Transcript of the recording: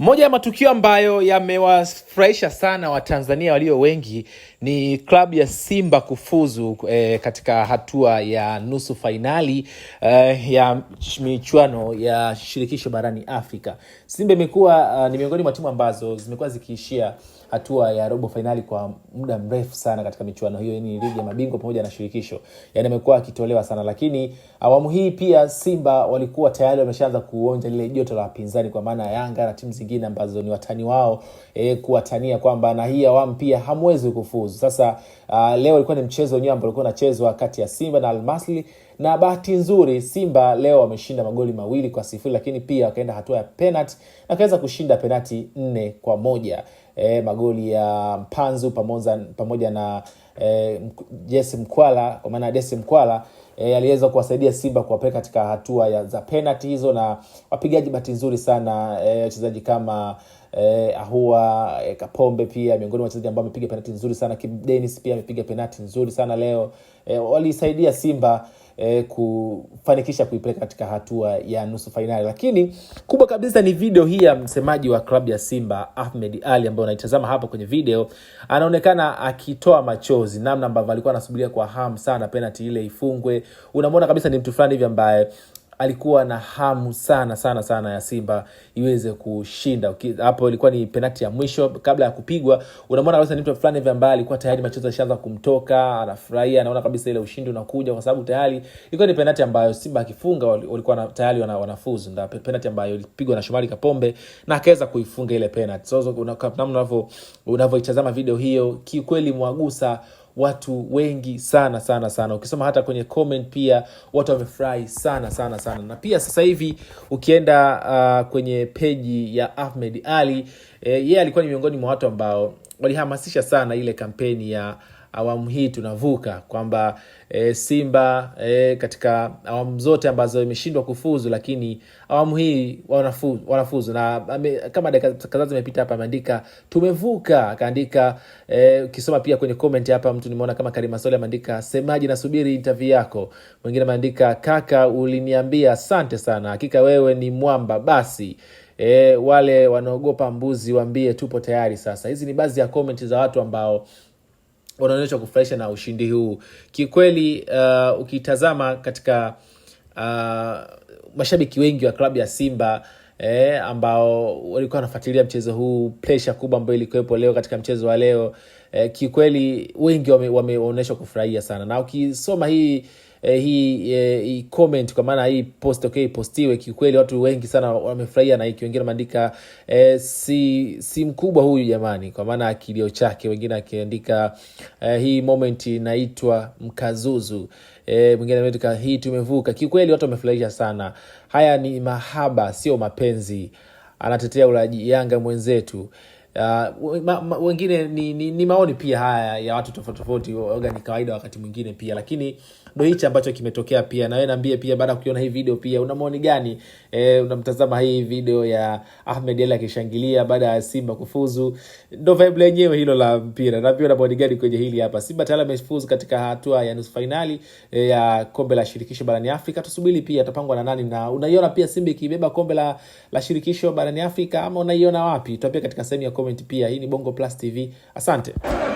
Moja ya matukio ambayo yamewafurahisha sana Watanzania walio wengi ni klabu ya Simba kufuzu eh, katika hatua ya nusu fainali eh, ya michuano ya shirikisho barani Afrika. Simba imekuwa uh, ni miongoni mwa timu ambazo zimekuwa zikiishia hatua ya robo fainali kwa muda mrefu sana katika michuano hiyo, yani ligi ya mabingwa pamoja na shirikisho, yani amekuwa akitolewa sana. Lakini awamu hii pia Simba walikuwa tayari wameshaanza kuonja lile joto la wapinzani, kwa maana Yanga na timu zingine ambazo ni watani wao e, kuwatania kwamba na hii awamu pia hamwezi kufuzu. Sasa uh, leo ilikuwa ni mchezo wenyewe ambao ulikuwa unachezwa kati ya Simba na Almasli na bahati nzuri Simba leo wameshinda magoli mawili kwa sifuri, lakini pia wakaenda hatua ya penalti na wakaweza kushinda penalti nne kwa moja e, magoli ya Mpanzu pamoja, pamoja na e, Jesse Mkwala kwa maana Desi Mkwala e, aliweza kuwasaidia Simba kuwapeleka katika hatua ya, za penalty hizo, na wapigaji bahati nzuri sana wachezaji e, kama E, Ahua e, Kapombe pia miongoni mwa wachezaji ambao amepiga penati nzuri sana. Kim Dennis pia amepiga penati nzuri sana leo e, walisaidia Simba eh, kufanikisha kuipeleka katika hatua ya nusu fainali. Lakini kubwa kabisa ni video hii ya msemaji wa klabu ya Simba Ahmed Ali ambayo unaitazama hapo kwenye video, anaonekana akitoa machozi, namna ambavyo alikuwa anasubiria kwa ham sana penati ile ifungwe. Unamwona kabisa ni mtu fulani hivi ambaye alikuwa na hamu sana sana sana ya Simba iweze kushinda. Hapo ilikuwa ni penati ya mwisho kabla ya kupigwa, unamwona mtu fulani hivi ambaye alikuwa tayari machozi yashaanza kumtoka, anafurahia, anaona kabisa ile ushindi unakuja, kwa sababu tayari ilikuwa ni penati ambayo Simba akifunga walikuwa tayari wana, wanafuzu. Ndio penati ambayo ilipigwa na Shomari Kapombe na akaweza kuifunga ile penati. So, so, unavyoitazama video hiyo kiukweli mwagusa watu wengi sana sana sana. Ukisoma hata kwenye comment pia watu wamefurahi sana sana sana, na pia sasa hivi ukienda uh, kwenye peji ya Ahmed ali eh, yeye eh, alikuwa ni miongoni mwa watu ambao walihamasisha sana ile kampeni ya awamu hii tunavuka kwamba e, Simba e, katika awamu zote ambazo imeshindwa kufuzu, lakini awamu hii wanafuzu na ame, kama dakika kadhaa zimepita hapa ameandika tumevuka, akaandika eh, ukisoma pia kwenye comment hapa mtu nimeona kama karimasoli ameandika semaji, nasubiri interview yako. Mwingine ameandika kaka, uliniambia asante sana, hakika wewe ni mwamba. Basi e, wale wanaogopa mbuzi waambie tupo tayari. Sasa hizi ni baadhi ya comment za watu ambao unaonyeshwa kufurahisha na ushindi huu kikweli. Uh, ukitazama katika uh, mashabiki wengi wa klabu ya Simba eh, ambao walikuwa wanafuatilia mchezo huu, presha kubwa ambayo ilikuwepo leo katika mchezo wa leo eh, kikweli wengi wameonyeshwa wame kufurahia sana, na ukisoma hii eh, hii eh, comment kwa maana hii post okay, postiwe kikweli watu wengi sana wamefurahia na hiki, wengine wameandika eh, si, si mkubwa huyu jamani, kwa maana kilio chake, wengine akiandika eh, hii moment inaitwa mkazuzu eh, mwingine ameandika hii tumevuka. Kiukweli watu wamefurahisha sana. Haya ni mahaba, sio mapenzi. Anatetea ulaji Yanga mwenzetu. Uh, ma, ma, wengine ni, ni, ni maoni pia haya ya watu tofauti tofauti, ni kawaida wakati mwingine pia lakini ndo hichi ambacho kimetokea pia. Na wewe naambie pia, baada ya kuiona hii video pia una maoni gani? E, unamtazama hii video ya Ahmed ali akishangilia baada ya Simba kufuzu, ndo vibe lenyewe hilo la mpira. Na pia una maoni gani kwenye hili hapa? Simba tayari amefuzu katika hatua ya nusu fainali e, eh, ya kombe la shirikisho barani Afrika. Tusubiri pia atapangwa na nani, na unaiona pia Simba ikibeba kombe la, la shirikisho barani Afrika ama unaiona wapi? Tuambie katika sehemu ya comment pia. Hii ni Bongo Plus TV, asante.